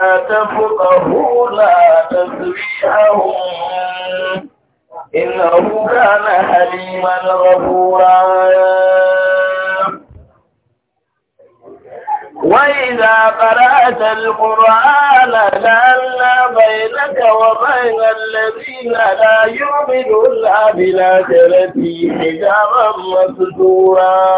تفقهوا لا تسبيحهم إنه كان حليما غفورا وإذا قرأت القرآن جعلنا بينك وبين الذين لا يؤمنون بالآخرة حجابا مسدورا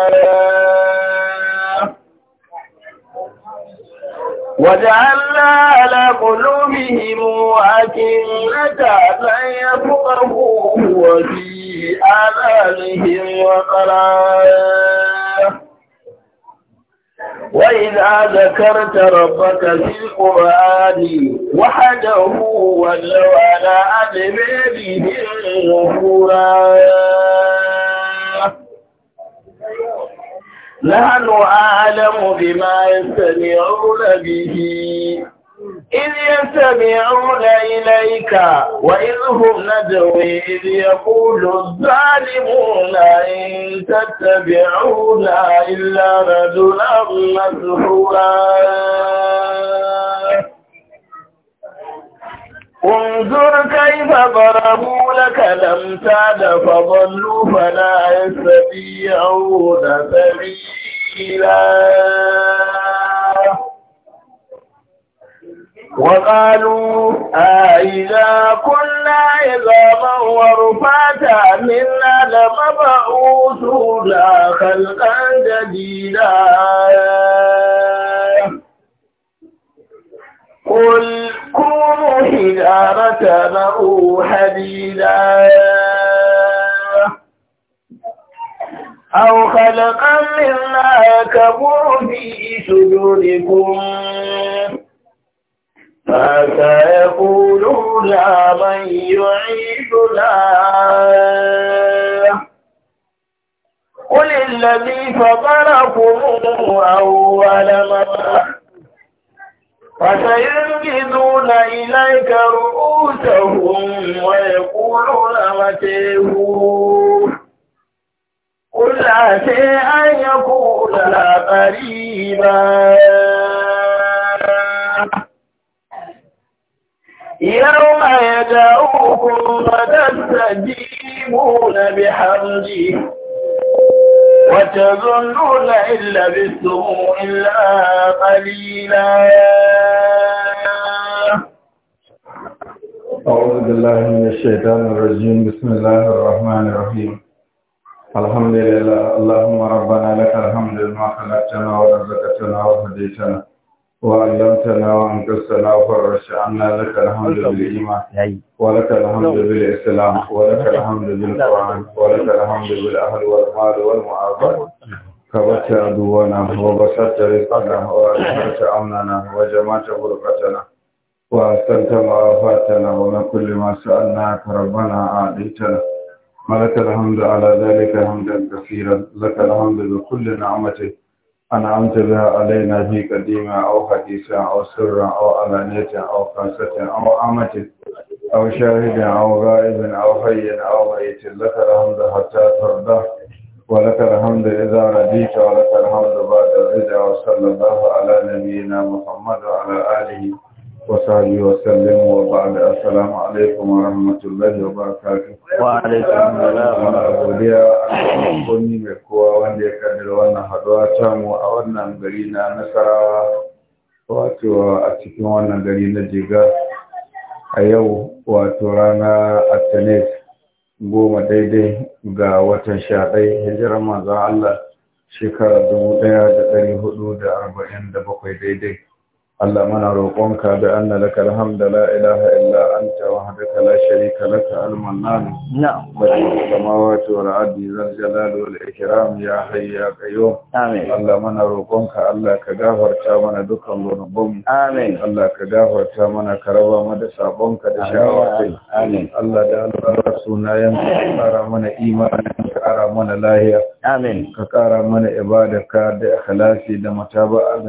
وجعلنا على قلوبهم أكنة أن يفقهوه وفي آذانهم وقرا وإذا ذكرت ربك في القرآن وحده ولو على أدبارهم نفورا نحن أعلم بما يستمعون به إذ يستمعون إليك وإذ هم ندوي إذ يقول الظالمون إن تتبعون إلا رجلا مسحورا انظر كيف ضربوا لك تعد فضلوا فلا يستطيعون سبيلا إله وقالوا أإذا كنا عظاما ورفاتا منا لمبعوثونا خلقا جديدا قل كونوا حجارة أو حديدا أو خلقا مما يكبر في صدوركم فسيقولون من يعيدنا قل الذي فطركم أول مرة فسينجدون إليك رؤوسهم ويقولون متيهون قل عسى أن يكون قريبا يوم يدعوكم فتستجيبون بحمده وتظنون إن لبثتم إلا قليلا أعوذ بالله من الشيطان الرجيم بسم الله الرحمن الرحيم الحمد لله اللهم ربنا لك الحمد لما خلقتنا ورزقتنا وهديتنا وعلمتنا وانقذتنا وفرجتنا عنا لك الحمد بالايمان ولك الحمد بالاسلام ولك الحمد بالقران ولك الحمد بالاهل والمال والمعافاه كبرت عدونا وبسطت رزقنا واظهرت امننا وجمعت غرفتنا واحسنت معافاتنا ومن كل ما سالناك ربنا اعطيتنا ولك الحمد على ذلك حمدا كثيرا لك الحمد بكل نعمته أنعمت بها علينا في قديمة أو حديثة أو سرا أو علانية أو خاصة أو عامة أو شاهد أو غائب أو حي أو ميت لك الحمد حتى ترضى ولك الحمد إذا رضيت ولك الحمد بعد الرضا وصلى الله على نبينا محمد وعلى آله وصحبه وسلم وبعد السلام عليكم ورحمة الله وبركاته وعليكم السلام ورحمة الله kunni mai kowa wanda ya kaddara wannan haduwa tamu a wannan gari na nasarawa wato a cikin wannan gari na jiga a yau wato rana altanis goma daidai ga watan sha ɗai maza Allah shekara dubu ɗaya da ɗari hudu da arba'in da bakwai daidai Allah muna roƙonka da anna laka alhamda la ilaha illa anta wahdaka la sharika laka na mannan na'am samawati wal ardi zal jalali wal ikram ya hayy ya qayyum amin Allah mana roƙonka Allah ka gafarta mana dukkan gurbin amin Allah ka gafarta mana ka raba mu da sabonka da shawartai amin Allah da albarka sunayen ka kara mana imani ka kara mana lahiya amin ka kara mana ibada ka da ikhlasi da mutaba'a ga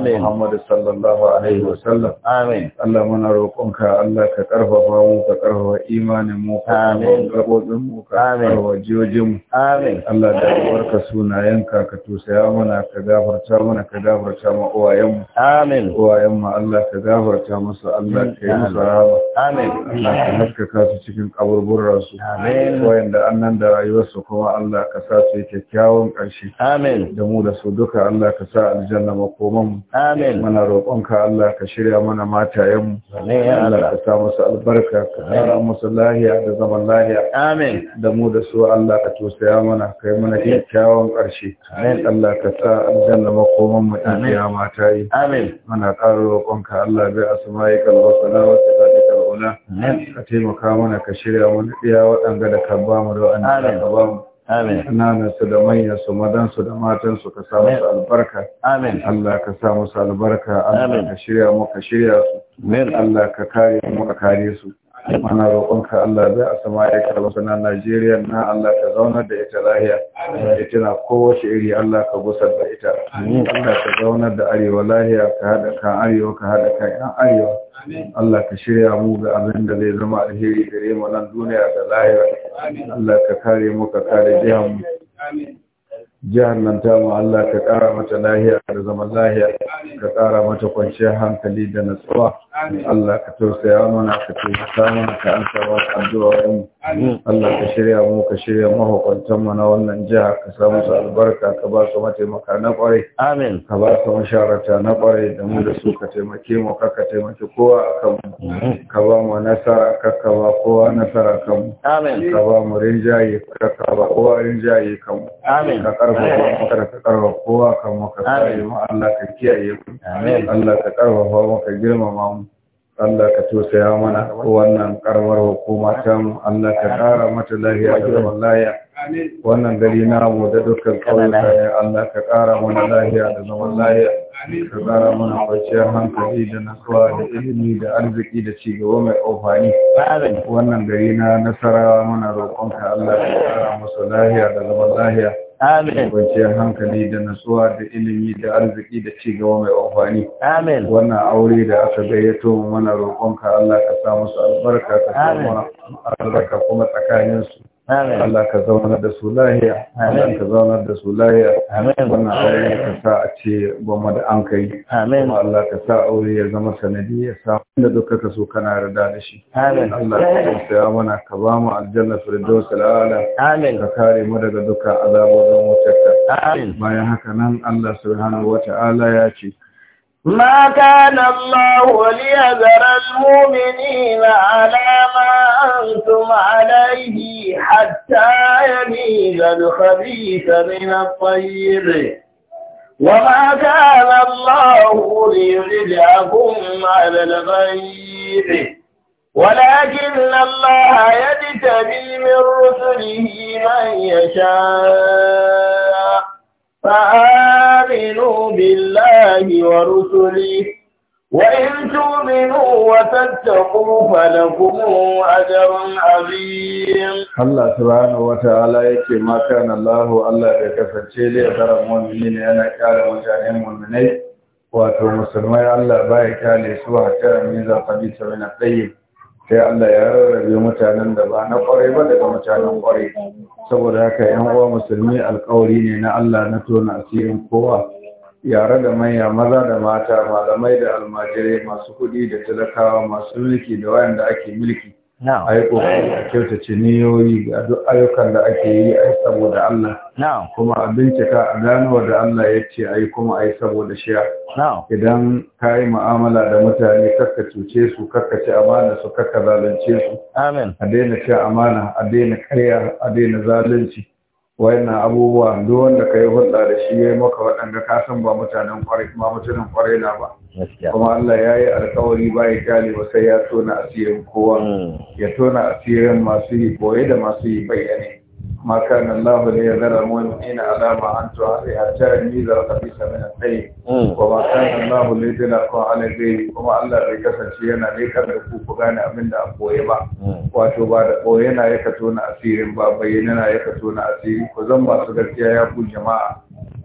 Muhammad sallallahu sallallahu alaihi wasallam amin Allah muna roƙonka Allah ka karfafa mu ka karfafa imanin mu amin gabobin mu ka karfafa jiyojin mu amin Allah da barka sunayenka ka tusaya mana ka gafarta mana ka gafarta ma uwayen mu amin uwayen mu Allah ka gafarta musu Allah ka yi musu rahama amin Allah ka haskaka su cikin kaburbun su amin da annan da rayuwar su kuma Allah ka sa su yi kyakkyawan ƙarshe amin da mu da su duka Allah ka sa aljanna makoman mu amin muna roƙon roƙonka Allah ka shirya mana matayenmu Allah ka sa musu albarka ka tsara musu lahiya da zaman lahiya da mu da su Allah ka tosaya mana ka yi mana kyakkyawan ƙarshe Allah ka sa aljanna makoman mu ɗan kiyama ta yi amin muna ƙara roƙonka Allah bai asma'ika al-husna wa sifatika al-ula ka taimaka mana ka shirya mana iya waɗanda da ka ba da waɗanda ka ba Amin. Ƙananansu da manyansu, madansu da matansu ka sa musu albarka. Amin. Allah ka sa musu albarka. Allah ka shirya mu ka shirya su. Amin. Allah ka kare mu ka kare su. Mana roƙonka Allah zai a sama ya karɓa na Najeriya na Allah ka zaunar da ita lahiya. Ita na kowace iri Allah ka gusar da ita. Allah ka zaunar da arewa lahiya ka haɗa kan arewa ka haɗa kan 'yan arewa. Allah ka shirya mu ga abin da zai zama alheri gare mu nan duniya da lahira Allah ka kare mu ka kare jihar mu jihar nan ta mu Allah ka kara mata lahiya da zama lahiya ka kara mata kwanciyar hankali da natsuwa Allah ka tausaya mana ka tausaya mana ka ansa wa addu'a mu Allah ka shirya mu ka shirya mahukuntan mu na wannan jiha ka samu su albarka ka ba su mataimaka na kwarai amin ka ba su masharata na kwarai da mu da su ka taimake mu ka taimake kowa akan mu ka ba mu nasara ka ka ba kowa nasara kan mu amin ka ba mu rinjaye ka ka ba kowa rinjaye kan mu amin ka karfafa mu ka karfafa kowa kan mu ka kare mu Allah ka kiyaye mu amin Allah ka karfafa mu ka girmama mu Allah ka tosaya mana wannan karamar hukuma ta Allah ka kara mata lahiya da zaman lahiya wannan gari namu da dukkan kauyuka ya Allah ka kara mana lahiya da zaman lahiya ka kara mana kwanciyar hankali da nasuwa da ilimi da arziki da cigaba mai amfani wannan gari na nasara mana roƙonka Allah ka kara masa lahiya da zaman lahiya Amin. Kwanciyar hankali da nasuwa da ilimi da arziki da ci gaba mai amfani. Amin. Wannan aure da aka gayyato mana roƙonka Allah ka sa musu albarka ka sa mana albarka kuma tsakaninsu. Allah ka zaunar da su lahiya Allah ka zaunar da su lahiya wannan aure ka sa a ce goma da an kai kuma Allah ka sa aure ya zama sanadi ya sa wanda duka ka so kana rada da shi Allah ka sa tausaya mana ka ba mu aljanna firdaus al'ala ka kare mu daga duka azabobin wutarka bayan haka nan Allah subhanahu ta'ala ya ce ما كان الله ليذر المؤمنين على ما أنتم عليه حتى يميز الخبيث من الطيب وما كان الله ليجزعكم على الغيب ولكن الله يجتبي من رسله من يشاء فآمنوا بالله ورسله وإن تؤمنوا وتتقوا فلكم أجر عظيم Ta'ala سبحانه وتعالى yake maka na lahu. Allah ya kasance da yaran mu'mini yana kare mutanen mu'minai wato musulmai Allah baya kare su a kan miza fadi ta na sai Allah ya rarrabe mutanen da ba na kwarai ba daga mutanen kwarai saboda haka yan uwa musulmi alƙawari ne na Allah na tona asirin kowa yare da manya maza da mata malamai da almajirai masu kuɗi da talakawa masu mulki da wayanda ake mulki a yi ƙoƙari a kyautace niyoyi ga duk ayyukan da ake yi a yi saboda Allah kuma a bincika a gano da Allah ya ce a yi kuma a yi saboda shiya idan ka yi mu'amala da mutane kakka cuce su kakka ci amana su kakka zalunce su a daina ci amana a daina karya a daina zalunci wayannan abubuwa duk wanda ka yi hulɗa da shi ya yi maka waɗanda ka san ba mutanen kwarai ba mutanen kwarai na ba kuma Allah ya yi alkawari ba ya kyale ba sai ya tona asirin kowa mm. ya tona asirin masu yi boye da masu yi bayyane ما كان الله ليذر المؤمنين على ما انتم عليه da يميز الخبيث من wa وما كان الله ليدلكم على الغيب وما الله bai kasance yana ne da ku ku gane abin da an koye ba wato ba da koye na ya kato na asirin ba bayyana na ya kato na asiri ku zan masu gaskiya ya ku jama'a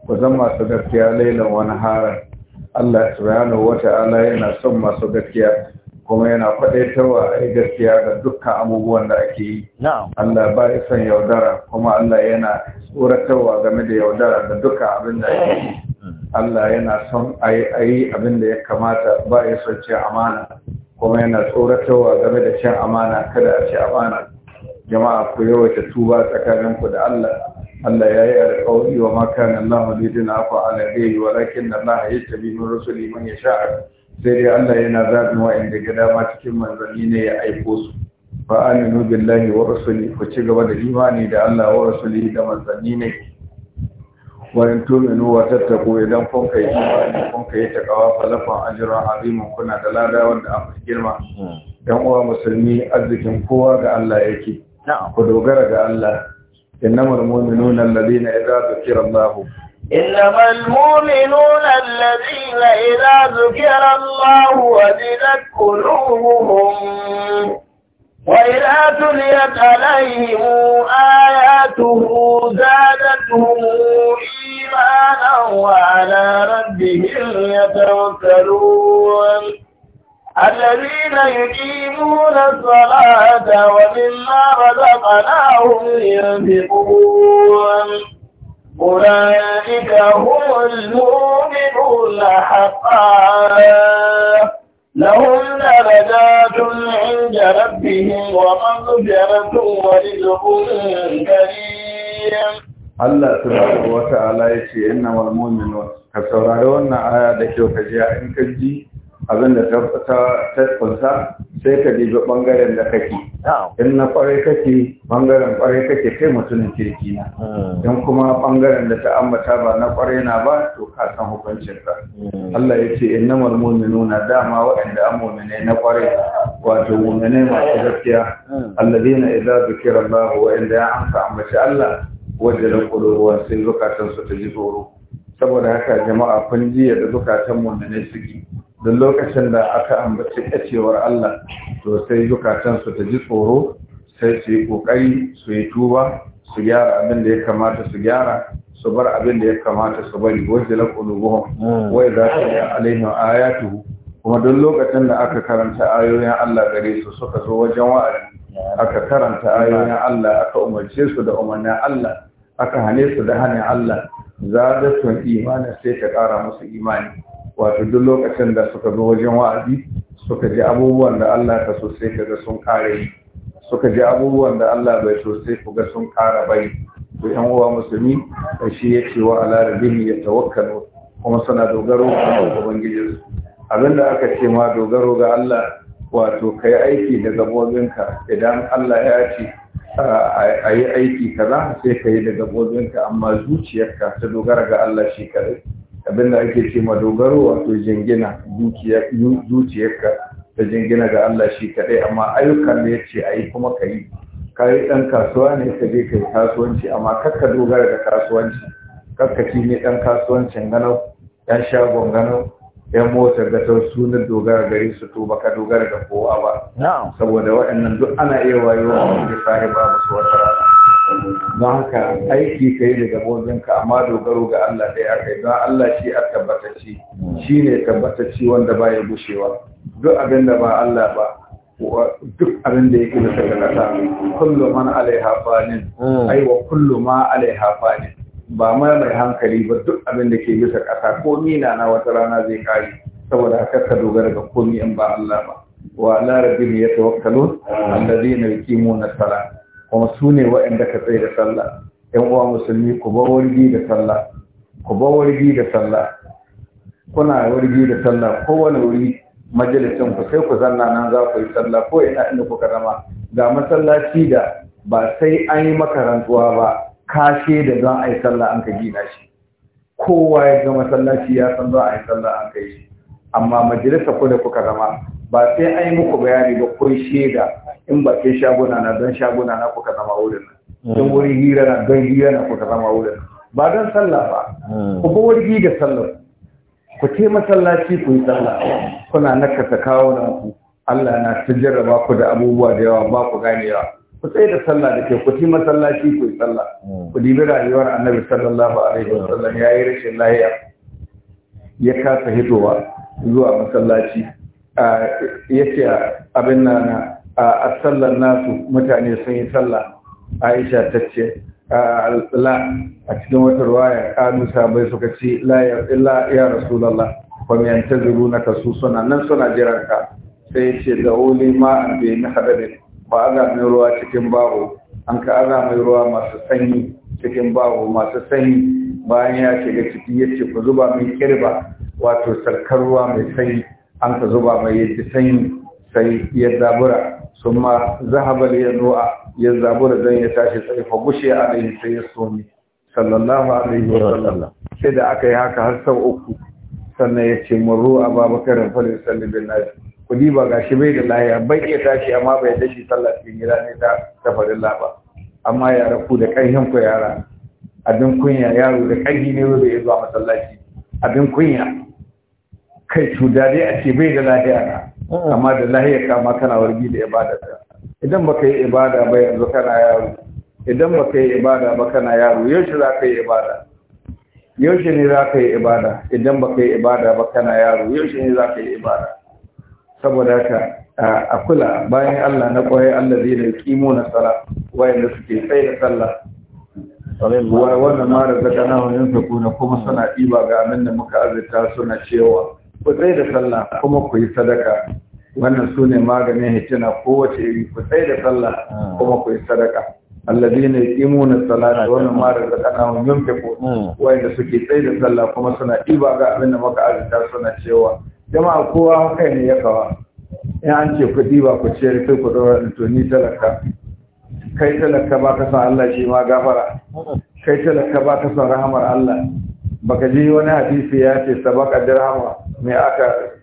ku zan masu gaskiya lailan wani haran Allah subhanahu wata'ala yana son masu gaskiya kuma yana faɗaitarwa a gaskiya ga dukkan abubuwan da ake yi. Allah ba ya son yaudara kuma Allah yana tsoratarwa game da yaudara da dukkan abin da ake yi. Allah yana son a yi abin da ya kamata ba ya son cin amana kuma yana tsoratarwa game da cin amana kada a ce amana. Jama'a ku yawaita tuba tsakaninku da Allah. Allah ya yi alƙawari wa makanan Allah lidina fa ala walakin Allah ya tabi min rusuli man sha'a. sai dai Allah yana zaɓin wa'anda ga dama cikin manzanni ne ya aiko su fa aminu billahi wa rasuli ku ci gaba da imani da Allah wa rasuli da manzanni ne wa in tu'minu wa tattaqu idan kun kai imani kun kai takawa fa lafa ajrun azimun kuna da lada wanda an girma dan uwa musulmi arzikin kowa ga Allah yake ku dogara ga Allah innamal mu'minuna alladhina idza dhukira Allah إنما المؤمنون الذين إذا ذكر الله وجدت قلوبهم وإذا تليت عليهم آياته زادتهم إيمانا وعلى ربهم يتوكلون الذين يقيمون الصلاة ومما رزقناهم ينفقون أولئك هم المؤمنون حقا لهم درجات عند ربهم ومغفرة ورزق كريم Allah subhanahu wa ta'ala ya ce inna wal ka saurari wannan aya da kyau ka ji in ka ji abin da ta kunsa sai ka dibi ɓangaren da kake in na ƙwarai kake ɓangaren ƙwarai kake kai mutumin kirki na don hmm. kuma ɓangaren da ta ambata ba na kwarai na ba to ka san hukuncin ka hmm. Allah ya ce in na namar nuna dama waɗanda an mu'mine na ƙwarai wato mu'mine masu gaskiya hmm. alladina idza zukira Allah wa waɗanda ya amsa ambaci Allah wajen kuluwa sai zukatansu ta ji tsoro saboda haka jama'a kun jiya da zukatan mu'mine suke duk lokacin da aka ambaci ƙacewar Allah to sai zukatansu ta ji tsoro sai su yi ƙoƙari su yi tuba su gyara abin da ya kamata su gyara su bar abin da ya kamata su bari wajen laƙulubuhun hmm. wai za su yi alaihin ayatu kuma don lokacin da aka karanta ayoyin Allah gare su suka zo wajen wa'azi aka karanta ayoyin Allah aka umarce su da umarnin Allah aka hane su da hanin Allah za da sun imani sai ka ƙara musu imani wato duk lokacin da suka zo wajen wa'azi suka ji abubuwan da Allah ka so sai kaga sun kare suka ji abubuwan da Allah bai so sai ga sun kara bai to yan uwa musulmi shi ce wa ala rabbihim yatawakkalu kuma suna dogaro ga Abin da aka ce ma dogaro ga Allah wato kai aiki da gabobinka idan Allah ya ce a yi aiki kaza sai ka yi da gabobinka amma zuciyarka ta dogara ga Allah shi kadai abinda ake ce ma dogaro wato jingina zuciyarka ta jingina ga Allah shi kaɗai amma ayyukan da ya ce a yi kuma ka yi ka yi ɗan kasuwa ne ka je ka kasuwanci amma kakka dogara da kasuwanci kakka shi ne ɗan kasuwancin ganau ɗan shagon ganau ɗan motar da ta suna dogara gare su to baka dogara da kowa ba saboda waɗannan duk ana iya wayewa a wani sahiba musu wata rana don haka aiki ka yi da gabobinka amma dogaro ga Allah da ya kai don Allah shi a tabbatacci shi ne tabbatacci wanda ba ya gushewa duk abin da ba Allah ba duk abin da yake da kasa, kullu man alaiha fanin hmm. ai wa kullu ma alaiha ba ma mai hankali ba duk abin da ke bisa kasa ko ni na wata rana zai kare saboda haka ka dogara ga komi in ba Allah ba wa ala rabbi yatawakkalun alladhina yuqimuna salata kuma su ne waɗanda ka tsaye da sallah ‘yan uwa musulmi ku ba wargi da sallah ku ba wargi da sallah kuna wargi da sallah kowane wuri majalisin ku sai ku zanna nan za ku yi sallah ko ina inda kuka karama ga masallaci da ba sai an yi makarantuwa ba kashe da zan a yi sallah an ka gina shi kowa ya ga masallaci ya san za a yi sallah an kai shi amma majalisa ku da kuka zama ba sai an yi muku bayani ba kun shaida in ba kai shaguna na don shaguna na kuka zama wurin nan in hmm. wuri hira na don hira na kuka zama wurin nan ba don sallah ba hmm. ku ba wurgi da sallah ku ce masallaci ku yi sallah kuna nakasa kawo na ku Allah na ta jarraba ku da abubuwa da yawa ba ku ganewa ku tsaye da sallah da ke ku ci masallaci ku yi sallah hmm. ku dibi rayuwar annabi sallallahu alaihi wasallam ya yi rashin lahiya ya kasa hitowa zuwa masallaci yace abin nan a sallar nasu mutane sun yi sallah Aisha ta ce la a cikin wata ruwaya kanu sabai suka ce la ya rasu wa ta zuru ka su suna nan suna jiran ka sai ya ce da wuli ma an bai na hadarin ba ga mai ruwa cikin bawo an ka aga mai ruwa masu sanyi cikin bawo masu sanyi bayan ya shiga ciki ya ce ku zuba mai kirba wato sarkar ruwa mai sanyi an ka zuba mai yadda ji sanyi sai ya zabura sun ma zahabar ya zuwa ya zabura zan ya tashi sai fa a ɗaya sai ya soni. sallallahu alaihi wa sallam sai da aka yi haka har sau uku sannan ya ce mun ruwa ba bakarin fari sallibin nasi kudi ba gashi bai da lahiya bai iya tashi amma bai da sallah cikin gida ne ta tafarin laba amma yara ku da ƙarfin ku yara abin kunya yaro da ƙarfi ne bai zuwa masallaci abin kunya kai cuta dai a ce bai da lahiya na amma da lahiya kama kana wargi da ibada ta idan ka yi ibada ba yanzu kana yaro idan ka yi ibada ba kana yaro yaushe za ka yi ibada yaushe ne za ka yi ibada idan ka yi ibada ba kana yaro yaushe ne za ka yi ibada saboda haka a kula bayan Allah na kwaye Allah zai da kimo na sala wayanda suke tsaye da sallah wannan ma da zaka na wajen sakuna kuma suna ɗiba ga abin da muka azurta suna cewa ku tsaye da sallah kuma ku yi sadaka wannan su ne maganin hitina kowace iri ku tsaye da sallah kuma ku yi sadaka ne imuna salata wa mimma razaqnahum yunfiqun hmm. wanda suke tsaye da sallah kuma suna diba ga abin da muka azurta suna cewa jama'a kowa kai ne ya kawa in an ce ku diba ku ciyar sai ku dora to ni talaka kai talaka ba ka san Allah shi ma gafara kai talaka ba ka san rahamar Allah baka ji wani hadisi ya ce sabaka dirhama mai aka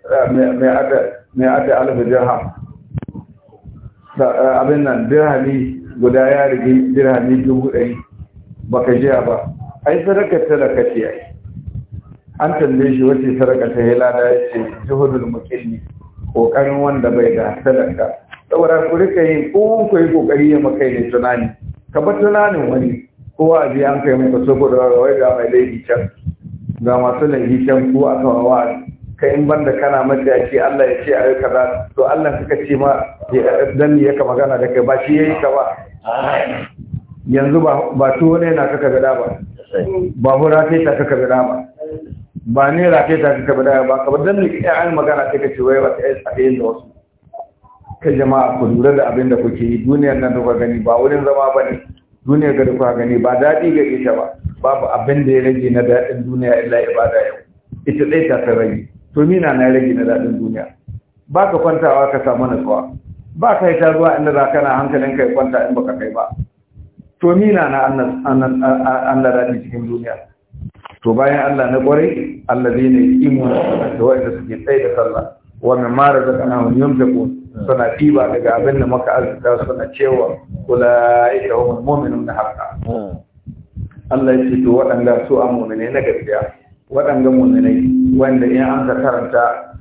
alif dirham abin nan dirhami guda ya rigi dirhami dubu ɗari ba ka jiya ba ai sarakar talaka ce ai an tambaye shi wace sadaka ta helada ya ce juhudul mukilli kokarin wanda bai da talaka saboda ku rika yin kowun ku yi kokari ya makai ne tunani ka bar tunanin wani kowa a biya an kai mai kaso ko da wai ga mai laifi can ga masu laifi can ko a kawawa ka in banda kana ce Allah ya ce a yau kaza to Allah suka ce ma dan ya ka magana da kai ba shi yayi ka ba yanzu ba ba tuwo ne na kaka gada ba ba hura ta kaka gada ba ba ne rafe ta kaka gada ba ka ba dan ne kai an magana sai ka ce wai ba sai a yin da wasu Ka jama'a ku lura da abin da kuke yi duniyar nan da ku gani ba wurin zama ba ne duniyar ga da gani ba daɗi ga ita ba babu abin da ya rage na daɗin duniya illa ibada yau ita ɗaya ta rage to mina na rage na daɗin duniya ba ka kwantawa ka samu nasuwa ba ka yi ta zuwa inda za kana hankalin ka yi kwanta in ba ka kai ba to mina na an da daɗin cikin duniya to bayan Allah na ƙwarai Allah zai ne imu da wa'anda suke tsaye da sallah wa kana wani razaqnahum yunfiqun suna ɗiba daga abin da maka arzika suna cewa kula ita wa da haka Allah ya ce to waɗanda su a ne na gaskiya waɗanda muminai wanda in an ka karanta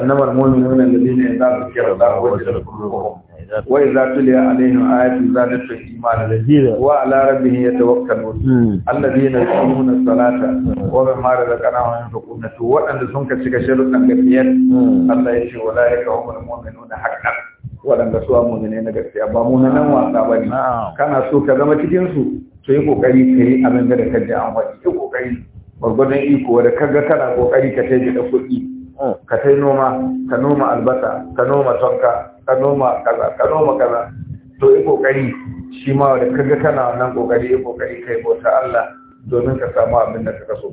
innamar muminun alladhina idza zukira Allah wajadat qulubuhum wa idza tuliya alaihim ayatu ta imana wa ala rabbihim hmm. allabi na su nuna salata wa mimma razaqnahum yunfiquna to waɗanda sun ka cika sharuɗan gaskiyar hmm. Allah ya ce wala muminu na haqqan waɗanda su muminai na gaskiya ba muna nan wasa ne kana so ka zama cikin su to yi kokari kai abin da ka ji an faɗi gwargwadon iko da kaga kana kokari ka taimi da kuɗi hmm. ka tai noma ka noma albasa ka noma tonka ka noma kaza ka noma kaza to yi kokari shi ma da kaga kana wannan kokari yi kokari kai bauta Allah domin ka samu abin da ka so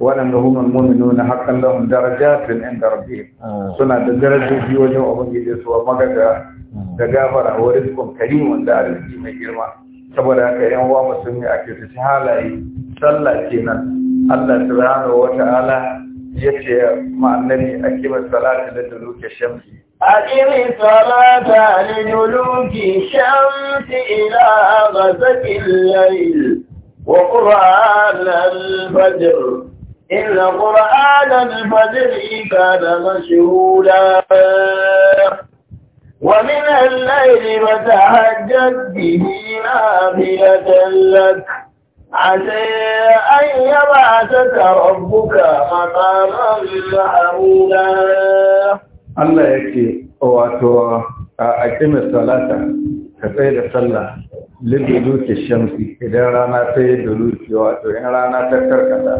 waɗanda humar muminu na mun daraja tun inda rabbi hmm. suna da darajoji wajen ubangiji su ga da hmm. gafara wa rizqun karim wanda arziki mai girma saboda haka yan uwa musulmi ake ta halaye sallah kenan الله سبحانه وتعالى ta'ala مع النبي annabi akima لدلوك الشمس duluki shamsi الصلاة لدلوك الشمس إلى غسق الليل وقرآن الفجر إن قرآن الفجر كان مشهولا ومن الليل فتهجد به نافلة لك Allah أن wato a مقاما salata, ka يكي da sallah, الصلاة كفاية الصلاة shamsi idan rana ta yi da duluki wato in rana ta karkata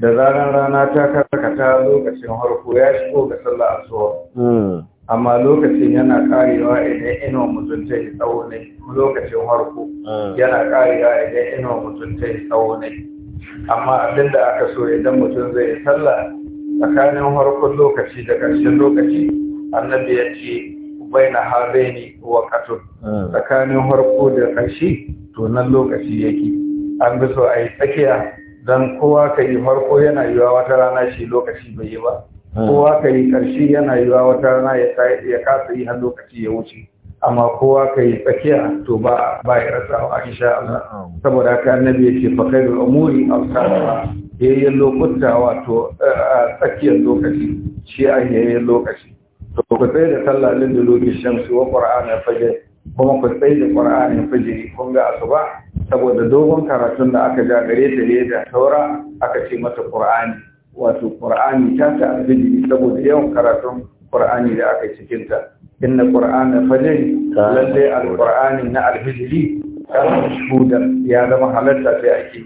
da zaran rana ta karkata lokacin harko ya shigo ga sallah tsohon amma lokacin yana karewa idan ina mutunta ya tsawo ne lokacin harko ah. yana karewa idan ina mutunta ya tsawo ne amma abinda aka so idan mutum zai yi sallah tsakanin harkon lokaci da ƙarshen lokaci annabi ya ce bai na habe ne wa ah. tsakanin harko da ƙarshe to nan lokaci yake an bi so a yi tsakiya don kowa ka yi harko yana yiwa wata rana shi lokaci bai yi ba kowa ka yi ƙarshe yana yi wa wata rana ya kasa yi har lokaci ya wuce amma kowa ka yi tsakiya to ba ba ya a insha Allah saboda haka annabi yake fa da umuri Ya yi lokuta wato tsakiyar lokaci shi a yayin lokaci to ku tsaye da sallah lin da lokacin shamsi wa qur'ana fajr kuma ku tsaye da qur'ani fajr kun ga asuba saboda dogon karatun da aka ja gare ta ne da saura aka ce mata qur'ani wato qur'ani ta ta saboda yawan karatun qur'ani da aka yi cikin ta inna qur'ana fajr lalle alqur'ani na alfijiri ta shuda ya zama halatta sai ake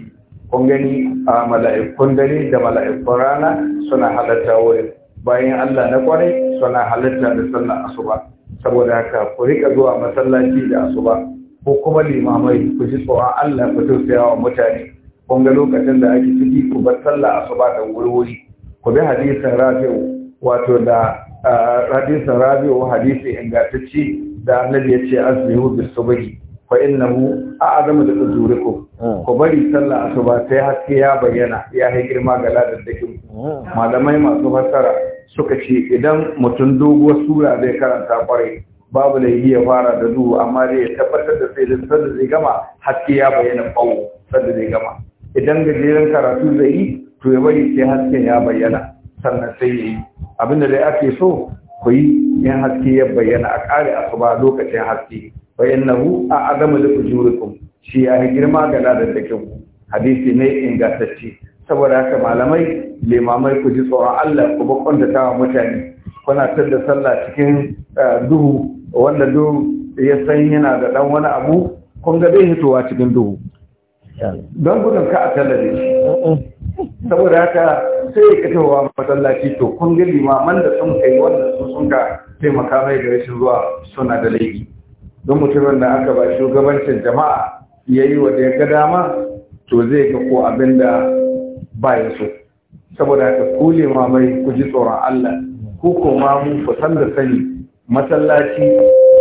kun gani a mala'ikun dare da mala'ikun rana suna halatta wurin bayan Allah na kwarai suna halatta da sallar asuba saboda haka ku rika zuwa masallaci da asuba ko kuma limamai ku ji tsoron Allah ku tausaya wa mutane kun lokacin da ake ciki ku bar sallah a da dan wurwuri ku bi hadisin rafi'u wato da hadisin rafi'u hadisi ingantacce da annabi ya ce asbihu bis subhi fa innahu a'zamu da zuriku hmm. ku bari sallah a asuba sai haske ya bayyana ya yi girma ga ladaddakin hmm. malamai masu fassara suka ce idan mutum doguwar sura zai karanta kwarai babu da ya fara da duhu amma dai ya tabbatar da sai da zai gama haske ya bayyana bawo sanda zai gama idan gajeren karatu zai yi to ya bari sai hasken ya bayyana sannan sai ya yi abinda dai ake so ku yi in haske ya bayyana a ƙare asuba lokacin haske na hu a adama da kujurikum shi ya yi girma ga da ku hadisi ne ingantacce saboda haka malamai limamai ku ji tsoron Allah ku bakwanta ta mutane kuna da sallah cikin eh, duhu wanda duhu ya san yana da dan wani abu kun ga dai hitowa cikin duhu don gudun ka a tallabe saboda haka sai ya wa masallaci to kun ga limaman da sun kai wannan sun sun ka taimaka mai da rashin zuwa suna da laifi don mutumin da aka ba shugabancin jama'a ya yi wa daya ya ga dama to zai ga ko abin da ba ya so saboda haka ku limamai ku ji tsoron Allah ku koma mu ku san da sani masallaci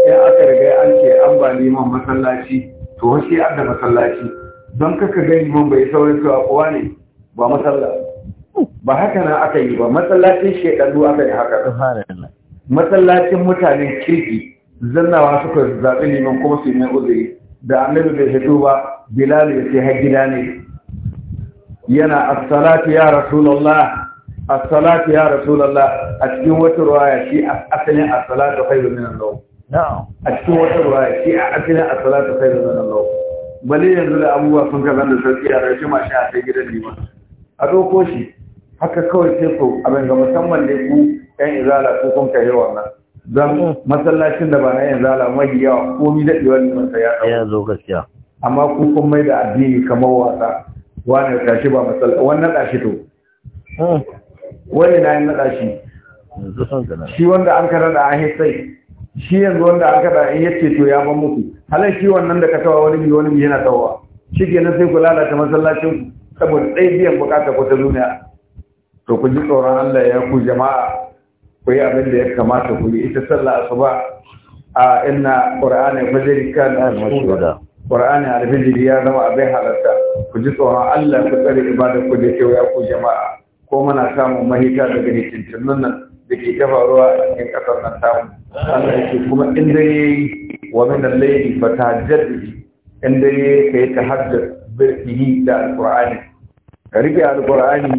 in aka riga an ce an ba liman masallaci to shi an da masallaci don kaka gani man bai saurin cewa kowa ne ba matsala ba haka na aka yi ba matsalacin shekaru aka yi haka matsalacin mutanen kirki zannawa suka zaɓi neman kuma su yi mai uzuri da annabi bai hito ba bilal ya ce har gida ne yana assalatu ya rasulullah assalatu ya rasulullah a cikin wata ruwaya shi asalin assalatu kai min an-nawm a cikin wata ruwaya shi a asalin assalatu kai min an-nawm Bali yanzu da abubuwa sun ka zan da sauki a ma shi a kai gidan liman a ɗauko shi haka kawai sai ku abin ga musamman ne ku yan izala ko kun kai yawan nan masallacin da ba na yan izala mai yawa komi daɗewar liman sai ya ɗauko ya zo gaskiya amma ku kun mai da addini kamar wasa wani tashi ba masallaci wannan ɗashi to hmm. wani na yin naɗa shi shi wanda an da a sai shi yanzu wanda an kada in yace to ya ban muku halin shi wannan da ka tawa wani biyu wani biyu yana tawa shi ke sai ku lalata masallacin ku? saboda ɗaya biyan bukata ku ta duniya to ku ji tsoron Allah ya ku jama'a ku yi abin da ya kamata ku yi ita sallah asuba a inna qur'ana fajri kan mashhuda al alfajri ya zama abin halarta ku ji tsoron Allah ku tsare ibada ku da ya ku jama'a ko muna samun mahita daga hikincin nan da ke ruwa a cikin ƙasar nan tamu Allah yake kuma in yi wa laifi ba ta fatajjad in yi ka yi ta tahajjud birkihi da Alƙur'ani. ka rike Alƙur'ani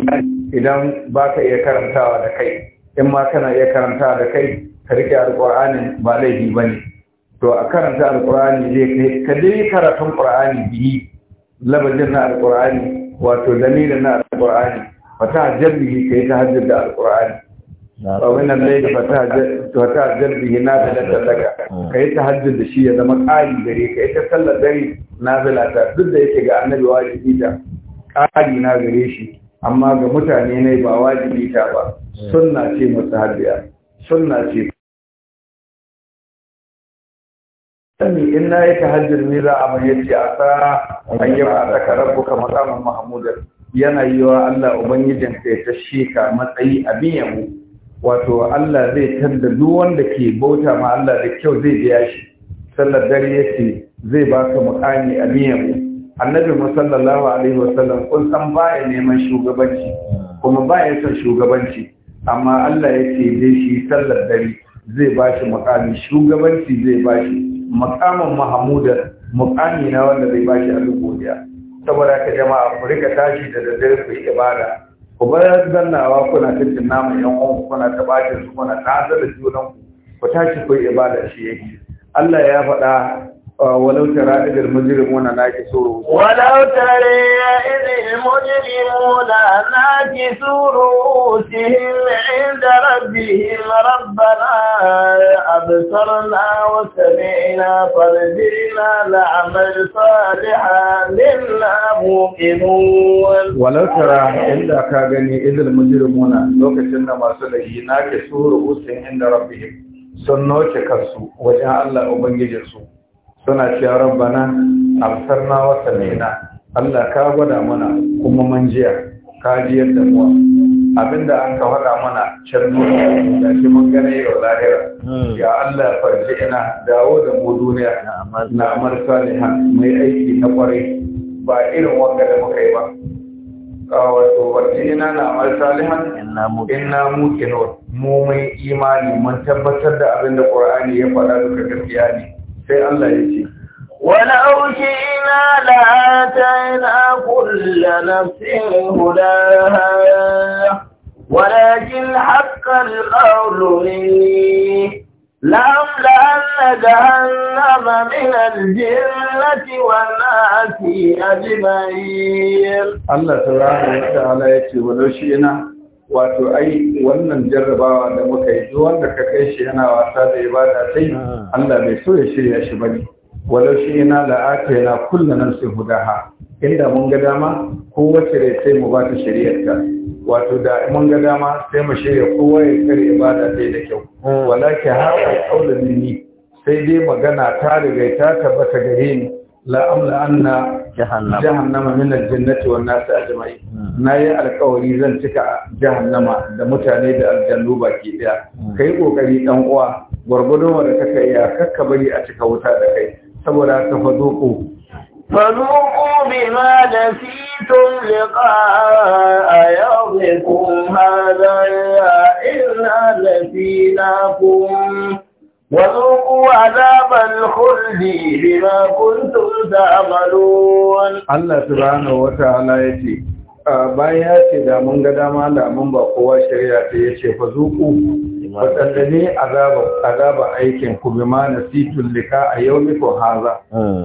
idan baka iya karantawa da kai in ma kana iya karanta da kai ka rike Alƙur'ani ba laifi ba ne. to a karanta Alƙur'ani zai kai ka dai karatun qur'ani bihi labajin na Alƙur'ani. wato dalilin na alqur'ani fata yi ta tahajjud da Alƙur'ani. wannan ne ga fata jalbi na da ta daga ka yi tahajjud da shi ya zama ƙari gare ka yi ta sallar dare na zalata duk da yake ga annabi wajibi ta ƙari na shi amma ga mutane ne ba wajibi ta ba hmm. sunna ce masu hajjiya sunna ce sani in na yi tahajjud ne za a mahimmanci a sa an yi ba a tsakarar ku kamar samun mahamudar yana yi Allah Ubangijinka ya tashe ka matsayi abin yamu. wato Allah zai canza duk wanda ke bauta ma Allah da kyau zai biya shi sallar dare yace zai baka muƙami a miyan annabi sallallahu alaihi wasallam kun san baya neman shugabanci kuma baya son shugabanci amma Allah yake dai shi sallar dare zai shi muƙami shugabanci zai ba shi muƙamin Mahmuda muƙami na wanda zai ba shi a saboda ka jama'a ku rika tashi da daddare ku ibada ku bar zannawa kuna cikin namu yan uwanku kuna ta bacin su kuna ta hasar da junan ku ku tashi ku ibada shi yake Allah ya faɗa ولو ترى إذ المجرمون ناكسوا ولو ترى إذ المجرمون ناكسوا رؤوسهم عند ربهم ربنا أبصرنا وسمعنا فرجعنا لعمل صالحا لنا موقنون ولو ترى عند كاغني إذ المجرمون لو كنا ما سلهي ناكسوا رؤوسهم عند ربهم سنوك كسوا وجاء الله أبنجي جرسوا suna cewa rabbana amsarna wata nena Allah ka gwada mana kuma mun jiya ka jiyar da mu abinda an ka faɗa mana can duniya da shi mun gane yau lahira hmm. ya Allah farji ina dawo da mu duniya na amar salihan mai aiki na kwarai ba irin wanda da muka yi ba wato farji ina na amar salihan inna mukinun mu mai imani mun tabbatar da abinda Qur'ani ya faɗa duka gaskiya ne sai Allah ya ce wani auki ina da ta yi na kula na tsirin guda wadakin haƙar ƙaunoni lamda hannun da hannun aminan jirnati wani Allah ta rahama ta ala ya ce wani shi ina wato ai wannan jarrabawa da muka yi duk wanda ka kai shi yana wasa da ibada sai ah. Allah bai so ya shirya shi bane walau shi yana da kulla nan sai hudaha inda mun ga dama kowace rai sai mu ba ta shari'arta wato da mun ga dama sai mu shirya kowa ya kare ibada sai da kyau ah. walaki ha ƙaunar ni sai dai magana ta riga ta tabbata gare ni la'amla'anna jahannama min aljannati wan nas ajma'in nayi alƙawari zan cika jahannama da mutane da aljannu baki daya kai kokari dan uwa gurgudo da kaka iya kakka bari a cika wuta da kai saboda ka fazuku fazuku bima nasitum liqa'a yawmikum hadha illa nasinakum wa zuqu Allah allah كنتم تعملون wata سبحانه وتعالى bayan ya ce da mun ga dama da mun ba kowa shari'a ta yace ce fa zuku waɗanda ne azaba aikin ku bi ma na situn lika a yau ko haza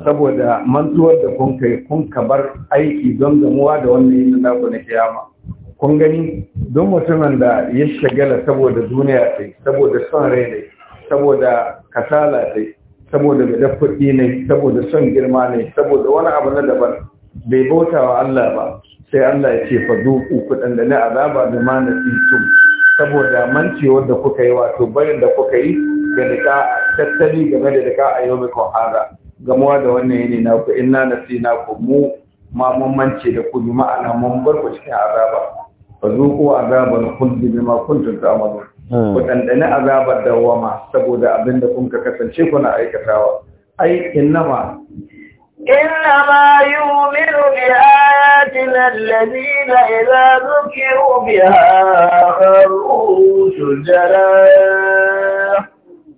saboda mantuwar da kun kai kun ka bar aiki don gamuwa da wannan yin da na kiyama kun gani don mutumin da ya shagala saboda duniya ta saboda son rai ne saboda kasala ta saboda da kuɗi ne saboda son girma ne saboda wani abu na daban bai bautawa Allah ba sai Allah ya ce fa duku kuɗin da na azaba da ma na tsitum saboda mancewar da kuka yi wato barin da kuka yi ga dika tattali game da dika a yau mai kohara gamuwa da wannan yini na ku inna nasina ku mu ma mun manci da ku ma'ana mun bar ku cikin azaba fa duku azaban kullu bima kuntum ta'malun waɗanɗani hmm. azabar dawama saboda abin da kun ka kasance kuna aikatawa ai ma innama yi umaru bi ayatin lallabi da ilazun kiro biya a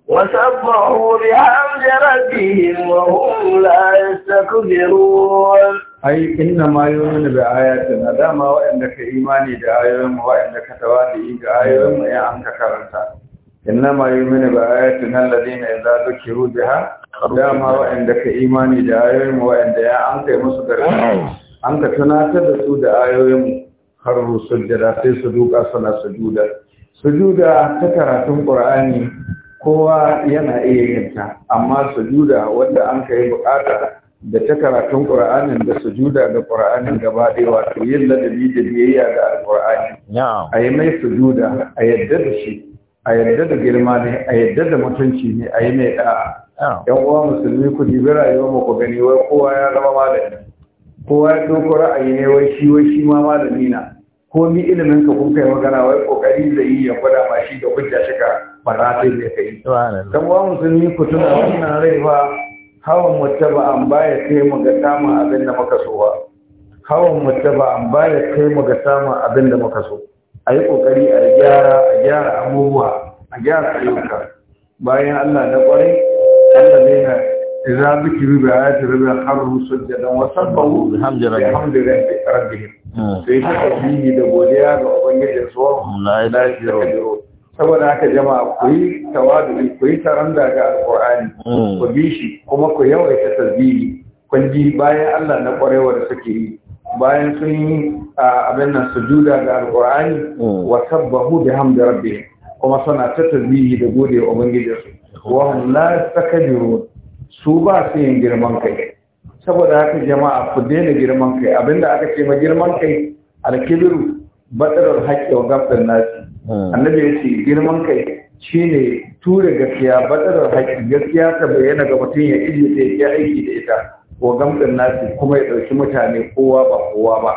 وسبحوا بحمد ربهم وهم لا يستكبرون ai inna ma yu'minu bi ayatina dama waɗanda ka imani da ayoyin mu waɗanda ka tawadi ga ayoyin mu an ka karanta inna ma yu'minu bi ayatina alladhina idza dhukiru biha dama waɗanda ka imani da ayoyin mu ya an musu gargaɗi an ka da su da ayoyin har rusujjada sai su duka suna sujuda sujuda ta karatun ƙur'ani. kowa yana iya yin ta amma sujuda wanda an kai bukata da ta karatun Qur'anin da sujuda ga Qur'anin gaba ɗaya wato yin ladabi da biyayya ga alqur'ani. a yi mai sujuda a yadda da shi a yadda da girma ne a yadda da mutunci ne a yi mai da'a yan uwa musulmi ku dibi rayuwar mu ku gani wai kowa ya zama malami kowa ya doko ra'ayi ne wai shi wai shi ma malami na ko ni ilimin ka kun kai magana wai kokari zai yi ya gwada ma shi da hujja shi ka barata da ka kai dan wa musulmi ku tuna wannan rai fa. hawan mutaba an baya kai mu ga samun abin da muka so ba hawan mutaba an baya kai mu ga samun abin da muka so a yi ƙoƙari a gyara a gyara abubuwa a gyara ayyuka bayan Allah na ƙwarai Allah ne na idza zikiru bi ayati rabbil kharru sujadan wa sabbahu bihamdihi rabbihim hmm. sai ta tabihi da godiya ga ubangiji suwa la ilaha illa saboda haka jama'a ku yi tawadu ku yi taron daga alƙur'ani hmm. ku bi shi kuma ku yawaita tasbihi kun bi bayan Allah na ƙwarewa da suke yi bayan sun yi abin nan sujuda ga alƙur'ani hmm. wa sabbahu bi hamdi rabbi kuma suna ta tasbihi da gode wa ubangijinsu wa la yastakbirun su ba su yin girman kai saboda haka jama'a ku daina girman kai abinda aka ce ma girman kai alkibiru badarar haƙƙi wa gabdan nasi Hmm. annabi ya ce girman kai shi ne ture gaskiya badarar haƙi gaskiya ta bayyana ga mutum ya ije ta ya aiki da ita ko gamsan nasi kuma ya ɗauki mutane kowa ba kowa ba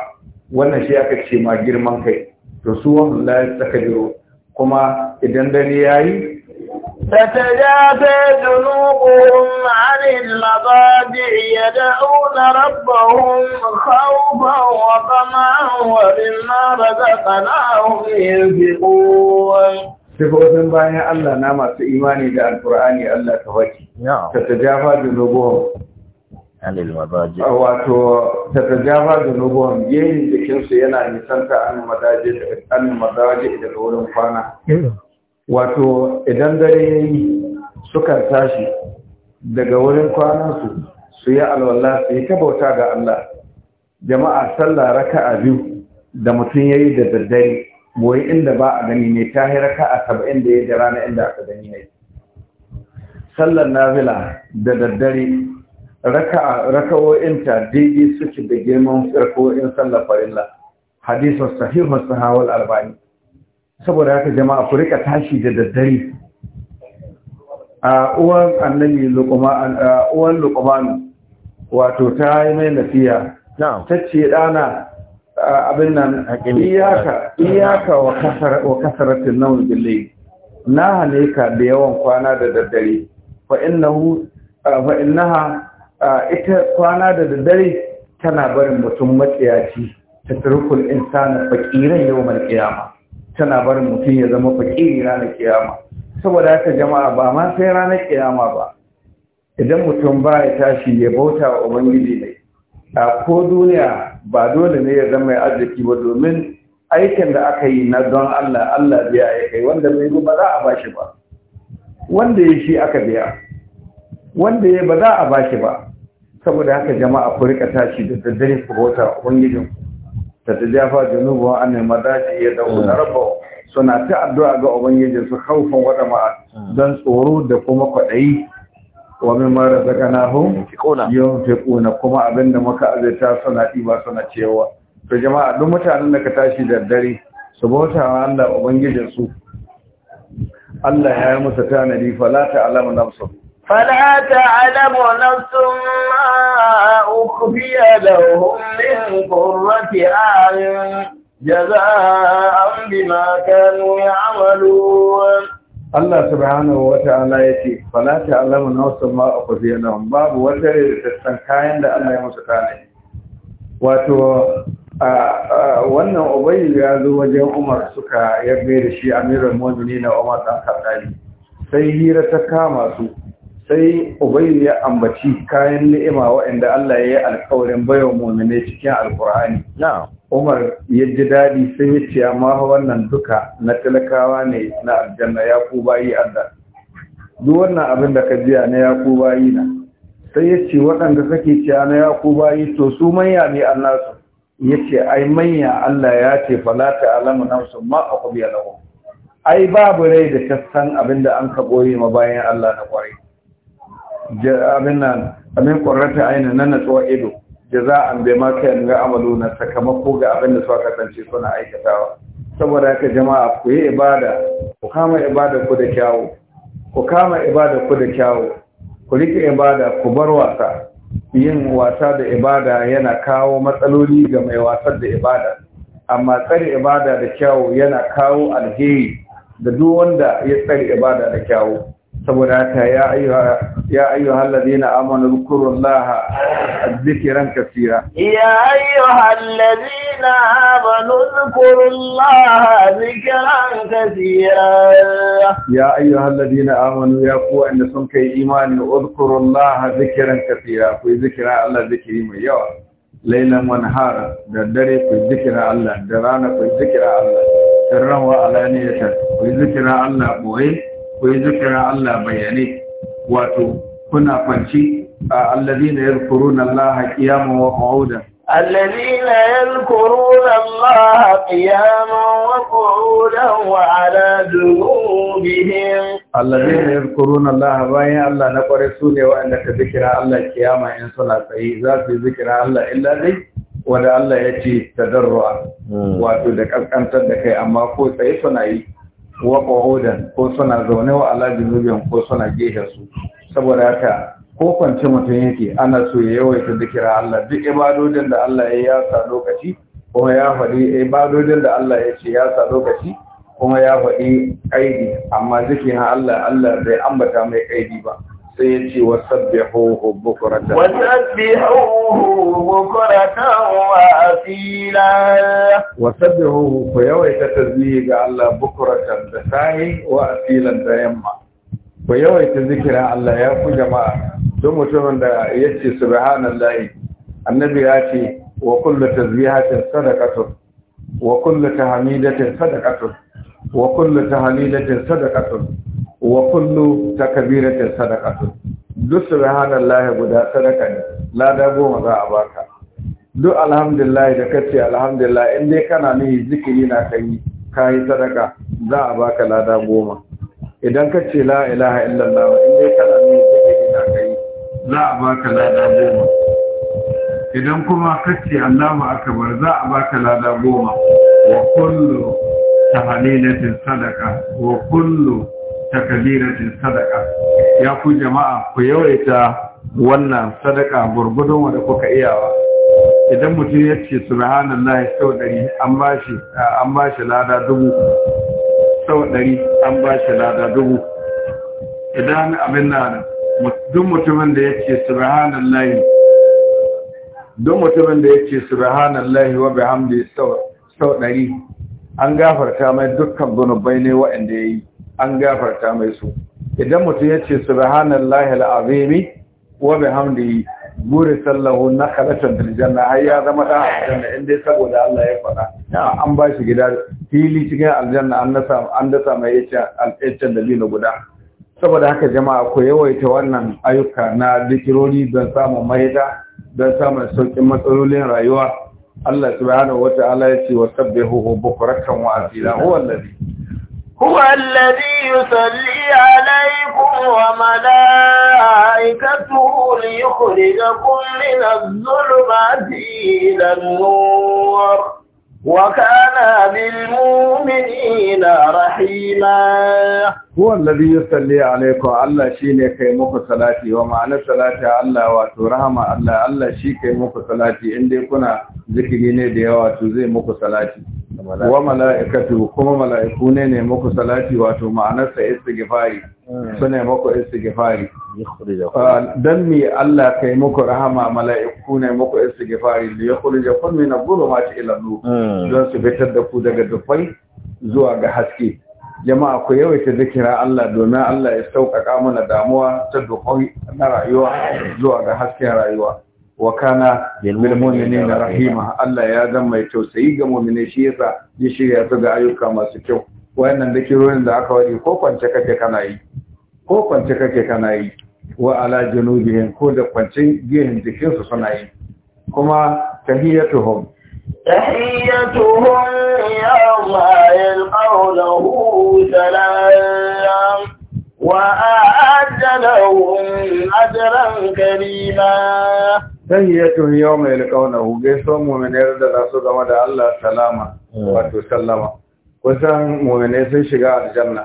wannan shi aka ce ma girman kai to su wannan la takadiru kuma idan dare yi. تتجافى جنوبهم عن المضاجع يدعون ربهم خوفا وطمعا ومما رزقناهم ينفقون sifofin bayan Allah na masu imani da alkur'ani Allah ta waki ta tajafa junubuhum wato ta tajafa yin jikinsu yana nisanta an madaji daga wurin kwana mm. wato idan dare ya yi sukan tashi daga wurin kwanansu su yi alwala su yi ta bauta ga Allah jama'a sallah raka'a biyu da mutum ya yi da daddare boye inda ba a gani ne ta yi raka'a saba'in da ya da rana inda aka gani ya yi sallar nazila da daddare raka'o'inta daidai suke da girman farko in sallar farilla hadisun sahihun sahawar albani saboda haka jama'a ku rika tashi da daddare a uwan annabi uwan wato ta yi mai lafiya ta ce dana abin nan iyaka iyaka wa kasaratin nawm na hane ka da yawan kwana da daddare Fa'inaha ita kwana da daddare tana barin mutum matsiyaci ta turkul insana yau mai kiyama tana barin mutum ya zama fakiri ranar kiyama saboda haka jama'a ba ma sai ranar kiyama ba idan mutum ba ya tashi ya bauta wa ubangiji ne a ko duniya ba dole ne ya zama ya arziki ba domin aikin da aka yi na don Allah Allah biya ya kai wanda mai ba za a bashi ba wanda ya shi aka biya wanda ya ba za a bashi ba saboda haka jama'a ku rika tashi da daddare ku bauta wa ubangijinku تتجافى جنوبها ya المضاجع Na rabo suna ta addu'a ga ubangiji su haufin wada ma'a dan tsoro da kuma kwaɗayi wa min mara daga nahu kuma abinda muka azaita suna ɗiba suna cewa to jama'a duk mutanen da ka tashi da dare su bauta wa Allah ubangijin su Allah ya yi musu tanadi fala ta alama nafsu فلا تعلم نفس ما أخفي لهم من قرة أعين جزاء بما كانوا يعملون Allah subhanahu wa ta'ala ya ce, Fala ta'alamu na wasu ma'afu fiye nan babu wata rikistan kayan da Allah ya musu kane. Wato, wannan Ubayi ya zo wajen Umar suka yarbe da shi amirar mojini na Umar ɗan Kaɗari, sai hira ta kama su, sai ubayyu ya ambaci kayan ni'ima waɗanda Allah ya yi alkawarin baiwa mu'mine cikin alkur'ani Umar ya ji daɗi sai ya ce amma wannan duka na talakawa ne na aljanna ya ku bayi Allah duk wannan abin da ka jiya na ya ku bayi na sai ya ce waɗanda kake cewa na ya ku bayi to su manya ne Allah su ya ce ai manya Allah ya ce fala ta alamu su ma aqubiya lahu ai babu rai da ta san abin da an ka goyi ma bayan Allah na kwarai abin nan a yana aina na natsuwa ido za a ma kayan ga amalu na sakamako ga abin da suka kasance suna aikatawa saboda haka jama'a ku yi ibada ku kama ibada ku da kyawu ku kama ibada ku da kyawu ku rike ibada ku bar wasa yin wasa da ibada yana kawo matsaloli ga mai wasar da ibada amma tsare ibada da kyawu yana kawo alheri da duk wanda ya tsare ibada da kyawu saboda haka ya ayyuha ya ayyuha alladhina Laha a dhikran kaseera ya ayyuha alladhina Laha a dhikran kaseera ya ayyu ayyuha alladhina amanu ya ku inda sun kai imanin imani Laha dhikran kaseera ku zikira Allah zikiri mai yawa lailan wa har da dare ku zikira Allah da rana ku zikira Allah sirran wa alaniyatan ku zikira Allah boye ku yi zikirin Allah bayyane wato kuna kwanci a allazi na yarkuru na Allah kiyaman wa ƙa'udan. na yarkuru na Allah kiyaman wa ƙa'udan wa ala dubuhin. Allazi na yarkuru na Allah bayan Allah na ƙware su ne waɗanda ka zikira Allah kiyama in suna tsaye za su yi zikira Allah illa dai wanda Allah ya ce ta darruwa hmm. wato da ƙanƙantar da kai amma ko tsaye suna yi. wa ƙwa'udan ko suna zaune wa alajin junubin ko suna su saboda haka ko kwance mutum yake ana so ya yawaita dukira Allah duk ibadodin da Allah ya yasa lokaci kuma ya faɗi ibadodin da Allah ya ce yasa lokaci kuma ya faɗi ƙaidi amma zikirin Allah Allah bai ambata mai ƙaidi ba sai ya ce wasabbihuhu bukratan wasabbihuhu bukratan wa asila wasabbihuhu ku yawaita tasbihi ga Allah bukratan da sahi wa asilan da yamma ku yawaita zikira Allah ya ku jama'a don mutumin da yace subhanallahi annabi ya ce wa kullu tasbihatin sadaqatun wa kullu tahmidatin sadaqatun wa kullu tahmidatin sadaqatun wa kullu takbiratin sadaqatu duk subhanallahi guda sadaka ne lada goma za a baka duk alhamdulillah da kace alhamdulillah in dai kana ne zikiri na kai kai sadaka za a baka lada goma idan kace la ilaha illallah in dai kana ne zikiri na kai za a baka lada goma idan kuma kace Allahu akbar za a baka lada goma wa kullu tahalilatin sadaka wa kullu ta sadaka ya ku jama'a ku yawaita wannan sadaka gurgudun wanda kuka iyawa idan mutum ya ce subhanallah sau dari an ba shi an ba shi lada dubu sau ɗari an ba shi lada dubu idan abin na duk mutumin da ya ce subhanallah don mutumin da ya ce subhanallahi wa bihamdi sau ɗari an gafarta mai dukkan gunubai ne waɗanda ya yi an gafarta mai su idan mutum ya ce subhanallahi alazim wa bihamdihi buri sallahu na karatun aljanna har ya zama da aljanna inda saboda Allah ya faɗa an ba shi gida fili cikin aljanna an nasa an dasa mai yace da guda saboda haka jama'a ku yawaita wannan ayyuka na zikirori don samun mahita don samun sauƙin matsalolin rayuwa Allah subhanahu wataala ya ce wa sabbihu bukratan wa asila huwa allazi هو الذي يصلي عليكم وملائكته ليخرجكم من الظلمات إلى النور وكان بالمؤمنين رحيما هو الذي يصلي عليكم الله شيني كي مكو صلاتي ومعنى صلاتي الله واتو رحمة الله الله شي كي مكو صلاتي عندي كنا ذكريني ديواتو زي مكو صلاتي wa mala'ikatu kuma mala'iku ne ne muku salati wato ma'anarsa istighfari hmm. Sune muku istighfari ah, dan mi Allah kai muku rahama mala'iku ne muku istighfari li yukhrijakum min adh-dhulumati ila an-nur hmm. don su fitar da ku daga dufai zuwa ga haske jama'a ku yawaita zikira Allah domin Allah ya sauƙaƙa mana damuwa ta dufai na rayuwa zuwa ga hasken rayuwa wa kana lil mu'minina rahima Allah ya zama mai tausayi ga mu'mini shi yasa ya shirya su ga ayyuka masu kyau wayannan da dakirorin da aka wadi ko kwance kake kana yi ko kwance kake kana yi wa ala junubihim ko da kwance gehen jikin su suna yi kuma tahiyatuhum tahiyatuhum yawma yalqawnahu salam wa a'adda lahum ajran karima tahiyatun yawma huge son mu'minai da zasu su gama da Allah salama eh. wato sallama kusan mu'minai sun shiga aljanna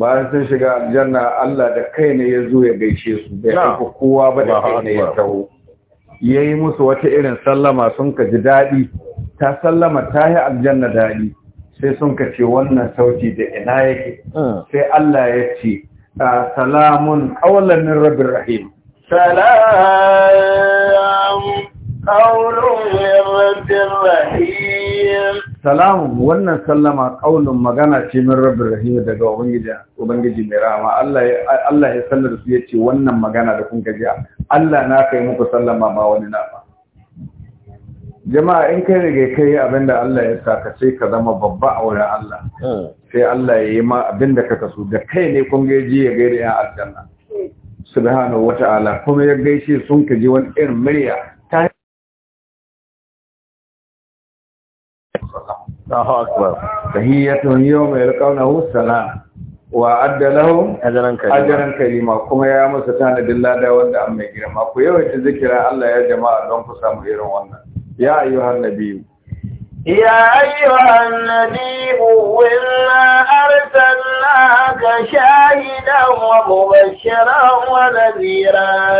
bayan sun shiga aljanna Allah da kai ne ya zo ya gaishe su bai aika kowa ba da kai ne ya taho yayi musu wata irin sallama sun ka ji daɗi ta sallama ta yi aljanna daɗi sai sun ka ce wannan sauti da ina yake eh. sai Allah ya ce ah, salamun qawlan rabbir rahim salamu wannan sallama kaulin magana ce min rabin rahim daga ubangiji mai rama. Allah ya Allah sallar su ya yace wannan magana da kun gajiya. Allah na kai muku sallama ba wani na ba jama'a in kai rige kai abinda Allah ya sa ka sai ka zama babba a wurin Allah sai Allah ya yi ma abinda ka kasu da kai ne kun gaji ya gaida yan aljanna subhanahu ta'ala kuma ya gaishe sun kaji wani irin murya Allahu akbar tahiyatun yawma yalqawnahu salam wa adda lahum ajran karima kuma ya musu tanadin lada wanda an mai girma ku yawaita zikira Allah ya jama'a don ku samu irin wannan ya ayyuhan nabiyyu يا أيها النبي إنا أرسلناك شاهدا ومبشرا ونذيرا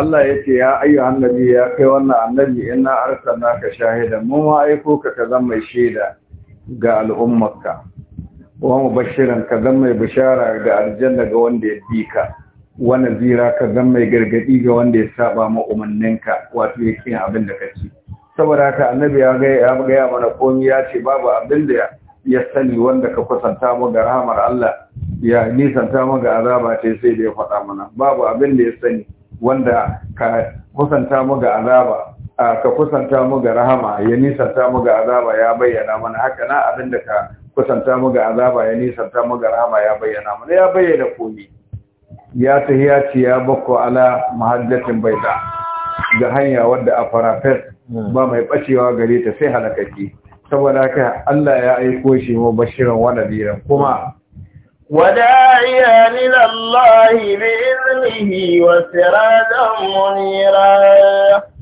الله يتي يا أيها النبي يا أخي وانا النبي إنا أرسلناك شاهدا مو أيكوك كذنب الشيدا قال أمك ومبشرا كذنب بشارة قال الجنة واندي يديك ونذيرا كذنب يقرقديك واندي يسابع مؤمنينك واتويكين عبدك الشيء saboda haka annabi ya ga ya gaya mana komai ya ce babu abin da ya sani wanda ka kusanta mu ga rahmar Allah ya ni santa mu ga azaba ce sai da ya faɗa mana babu abin da ya sani wanda ka kusanta mu ga azaba ka kusanta mu ga rahama ya santa mu ga azaba ya bayyana mana haka na abin da ka kusanta mu ga azaba ya santa mu ga rahama ya bayyana mana ya bayyana komai ya tahiya ci ya bako ala mahaddatin baita ga hanya wadda a farafes ba mai bacewa gare ta sai halakaki saboda haka Allah ya aiko shi mu bashiran wa nadiran kuma وداعيا إلى الله بإذنه وسراجا منيرا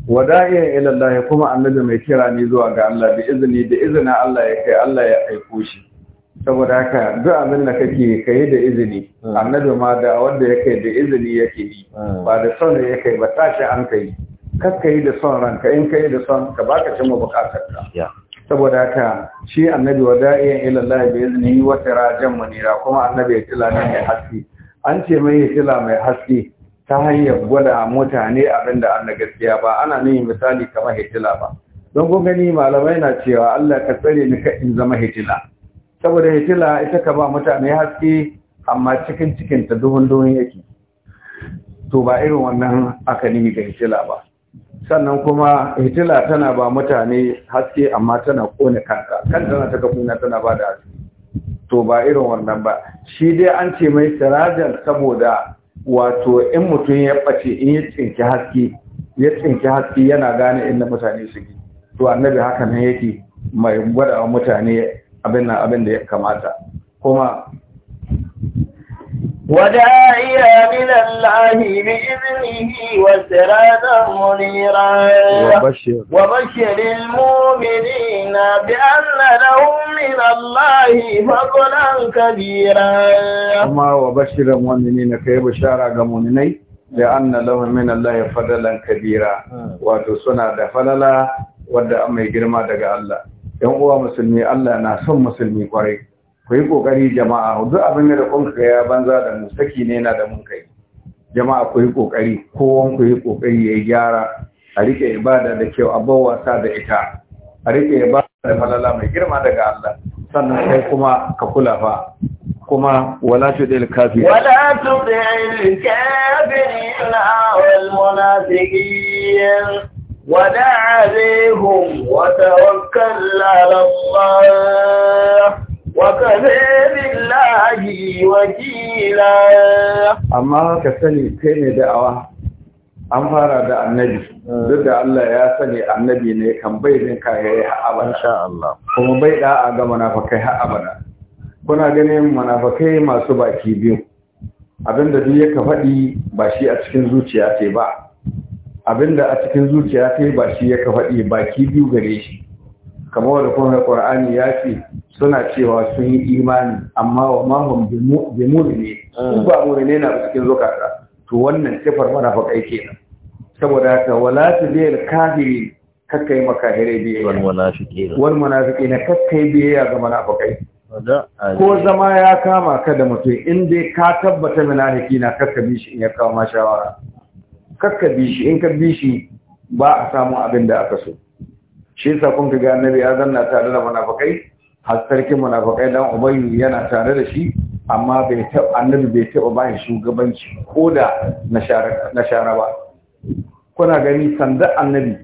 وداعيا إلى الله كما النبي mai kira ni zuwa ga Allah bi izini da izinin Allah ya kai Allah ya aiko shi saboda haka duk abin da kake kai da izini hmm. annabi ma da wanda yake da izini yake yi hmm. ba da sauri yake ba tashi an kai kakka yi da son ranka in ka yi da son ka baka cimma bukatarka saboda haka shi annabi wa da'iyan ila Allah bi iznihi wa tirajan munira kuma annabi ya tila ne mai haske an ce mai ya tila mai haske ta hanyar gwada mutane abin da an gaskiya ba ana nuni misali kamar hitila ba don kun gani malamai na cewa Allah ka tsare ni ka in zama hitila saboda hitila ita ka ba mutane haske amma cikin cikin ta duhun duhun yake to ba irin wannan aka nimi ga hitila ba sannan kuma hitila tana ba mutane haske amma tana kone kanka kan tana ta kafuna tana ba da haske to ba irin wannan ba shi dai an ce mai sirajan saboda wato in mutum ya bace in ya tsinki haske ya tsinki haske yana gane inda mutane suke to annabi haka nan yake mai gwada mutane abin abin da ya kamata kuma Wa ɗaya ya minan lahi, biyar ni hiwa sirri ɗin muniraya. Wa bashirin mumunni na fi annala umminan lahi faɗulan ƙabira. Kuma na kai mu ga muminai da annala wa minan lahiyar faɗulan ƙabira. Wato suna da falala wadda mai girma daga Allah. Ƴan uwa Musulmi Allah na son Musulmi kwarai. ku yi ƙoƙari jama'a duk abin da ƙunka ya banza da mu saki ne yana da mun kai jama'a ku yi kokari kowan ku yi ƙoƙari ya gyara a riƙe ibada da kyau a wasa da ita a riƙe ibada da falala mai girma daga Allah sannan kai kuma ka kula fa kuma wala tudil kafir wala tudil kafirin wal munafiqin ودع عليهم وتوكل على الله Amma ka sani kai ne da awa. an fara da annabi duk da Allah ya sani annabi ne kan bai bin kayayi har abada Allah kuma bai da'a ga manafakai har kuna ganin manafakai masu baki biyu abinda duk yake faɗi ba shi a cikin zuciya ce ba abinda a cikin zuciya ce ba shi yake faɗi baki biyu gare shi kamar wadda kuma Qur'ani ya ce suna cewa sun yi imani amma wa mamun bimuri ne su ah. ba ne na cikin zukata to wannan sifar kai kenan saboda haka wala biyar kafiri kakkai makahirai biye wal munafiqina wal munafiqina kakkai biyar ga munafiqai ko zama ya kama ka da mutum in dai ka tabbata munafiki na kakka bi shi in ya kawo ma shawara kakka bi shi in ka bi shi ba a samu abin da aka so shi yasa kun ga annabi ya zanna tare da munafiqai har sarkin munafakai dan ubayu yana tare da shi amma bai ta annabi bai taɓa shi shugabanci ko da na shara ba kuna gani sanda annabi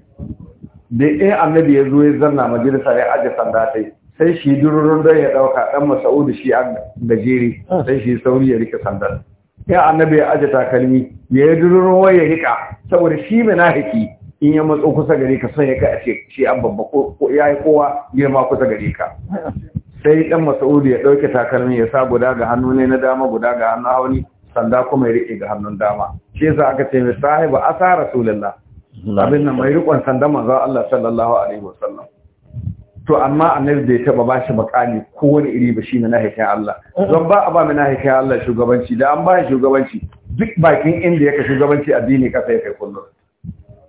da eh annabi ya zo ya zanna majalisa ya aje sanda sai sai shi dururun don ya ɗauka dan masa'udu shi a gajere sai shi sauri ya rike sandar eh annabi ya aje takalmi ya yi dururun waye ya saboda shi munafiki in ya matso kusa gare ka sai ka ce shi an babba ko yi kowa girma kusa gare ka sai dan masaudi ya dauke takalmi ya sa guda ga hannu ne na dama guda ga hannu hauni sanda kuma ya rike ga hannun dama shi yasa aka ce mai sahiba asa rasulullah abin nan mai rikon sanda manzo Allah sallallahu alaihi wasallam to amma annabi bai taba shi makami ko wani iri ba shine na haifin Allah zan ba a ba na haifin Allah shugabanci da an ba shugabanci duk bakin inda yake shugabanci addini ka yake kai kullum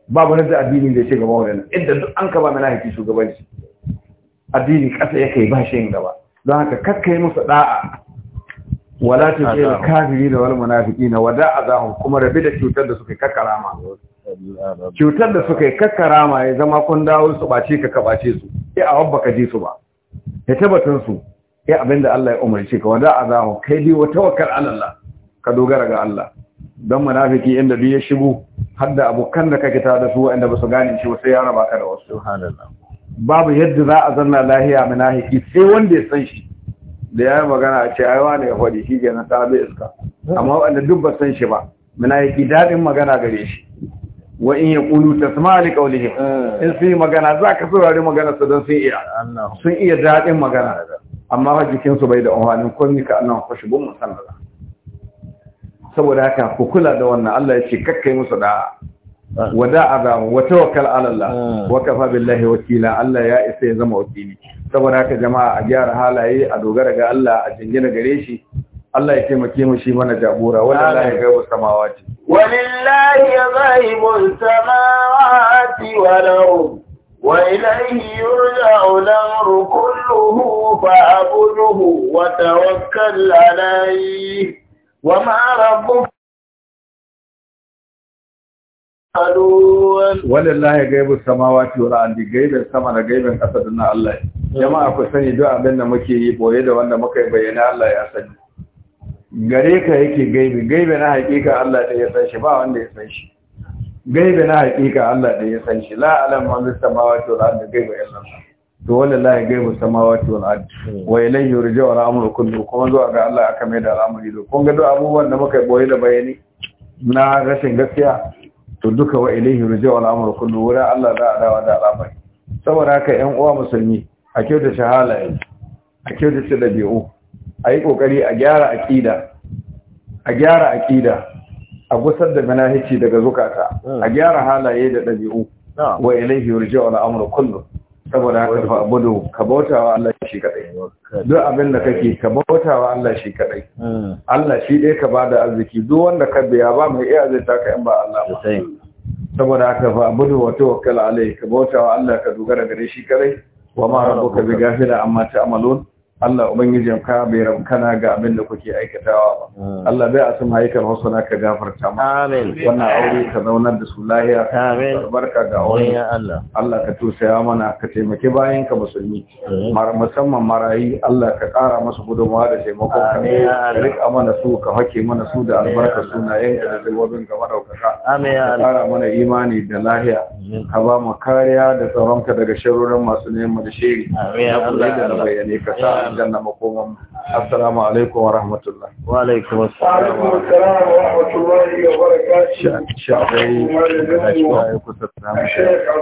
babu nan da addini da ya ce gaba wannan inda duk an ka ba mana haƙi shugabanci addini ƙasa ya kai ba shi yin gaba don haka kakkai musu da'a wala ta ce kafiri da wal munafiki na wada azahum kuma rabi da cutar da suka kakkarama cutar da suka kakkarama ya zama kun dawo su ba ce ka kabace su ya a wabba ka ji su ba ya tabbatar su ya abinda Allah ya umarce ka wada azahum kai dai wa tawakkal ala Allah ka dogara ga Allah don munafiki inda duk ya shigo har da abokan da kake tare da su waɗanda ba su gane shi sai ya raba ka da wasu babu yadda za a zanna lahiya munafiki sai wanda ya san shi da ya yi magana a ce ai wani ya faɗi shi ke na sabi iska amma wanda duk ba san shi ba munafiki daɗin magana gare shi wa in ya ƙulu ta sama ali ƙaunihim eh. in sun yi magana za ka saurari magana su don sun iya sun iya daɗin magana amma jikinsu bai da umarnin ka annan kwashe bin musamman saboda haka ku kula da wannan Allah ya ce kakkai musu da wada azamu wa tawakkal ala Allah hmm. wa kafa billahi wakila Allah ya isa ya zama wakili saboda haka jama'a a gyara halaye a dogara ga Allah a jingina gare shi Allah ya taimake mu shi mana jagora wallahi gaibu samawati walillahi ghaibul samawati wal yurja'u al-amru kulluhu كله wa tawakkal alayhi وما ربك walillahi gaibu samawati wal ardi gaiben sama da gaiben kasa da na Allah jama'a ku sani duk abin da muke yi boye da wanda muka yi bayyana Allah ya sani gare ka yake gaibi gaibe na hakika Allah da ya san shi ba wanda ya san shi gaibe na hakika Allah da ya san shi la alam man bis samawati wal ardi gaibe illa Allah to wallahi gaibu samawati wal ard hmm. wa ilayhi yurja'u al-amru kullu kuma zuwa ga Allah aka mai da al'amari da kun ga duk abubuwan da muka boye da bayani na rashin gaskiya to duka wa ilayhi yurja'u al-amru kullu wurin Allah za a dawo da al'amari saboda haka ƴan uwa musulmi a kyauta shahalaye a kyauta shi dabi'u a yi kokari a gyara aqida a gyara aqida a gusar da manahici daga zukata a hmm. gyara halaye da dabi'u wa ilayhi yurja'u al-amru kullu saboda haka fa budu, ka bautawa Allah shi kadai duk abin da kake ka bautawa Allah shi kadai hmm. Allah shi dai ka bada arziki duk wanda ka biya ba mai iya zai taka in ba Allah ba saboda haka fa abudu wa tawakkal alai ka bautawa Allah ka dogara gare shi kadai wa ma rabbuka bighafila amma ta'malun Allah ubangiji ka bai ramkana ga abin da kuke aikatawa ba hmm. Allah bai asim wasu na ka gafarta mu amin wannan aure ka zaunar da su lahiya amin barka ga aure Allah Allah ka tusaya mana ka taimaki bayan ka musulmi musamman marayi Allah ka ƙara masu gudunmawa da taimakon ka ka rika mana su ka hake mana su da albarka sunayen ka da zubobin ka madaukaka amin ka ƙara mana imani da lahiya ka ba mu kariya da tsaron ka daga sharuran masu neman da shiri amin Allah da bayyane ka sa aljanna makoman assalamu alaikum wa rahmatullah wa alaikum assalam wa rahmatullahi wa barakatuh shi kusa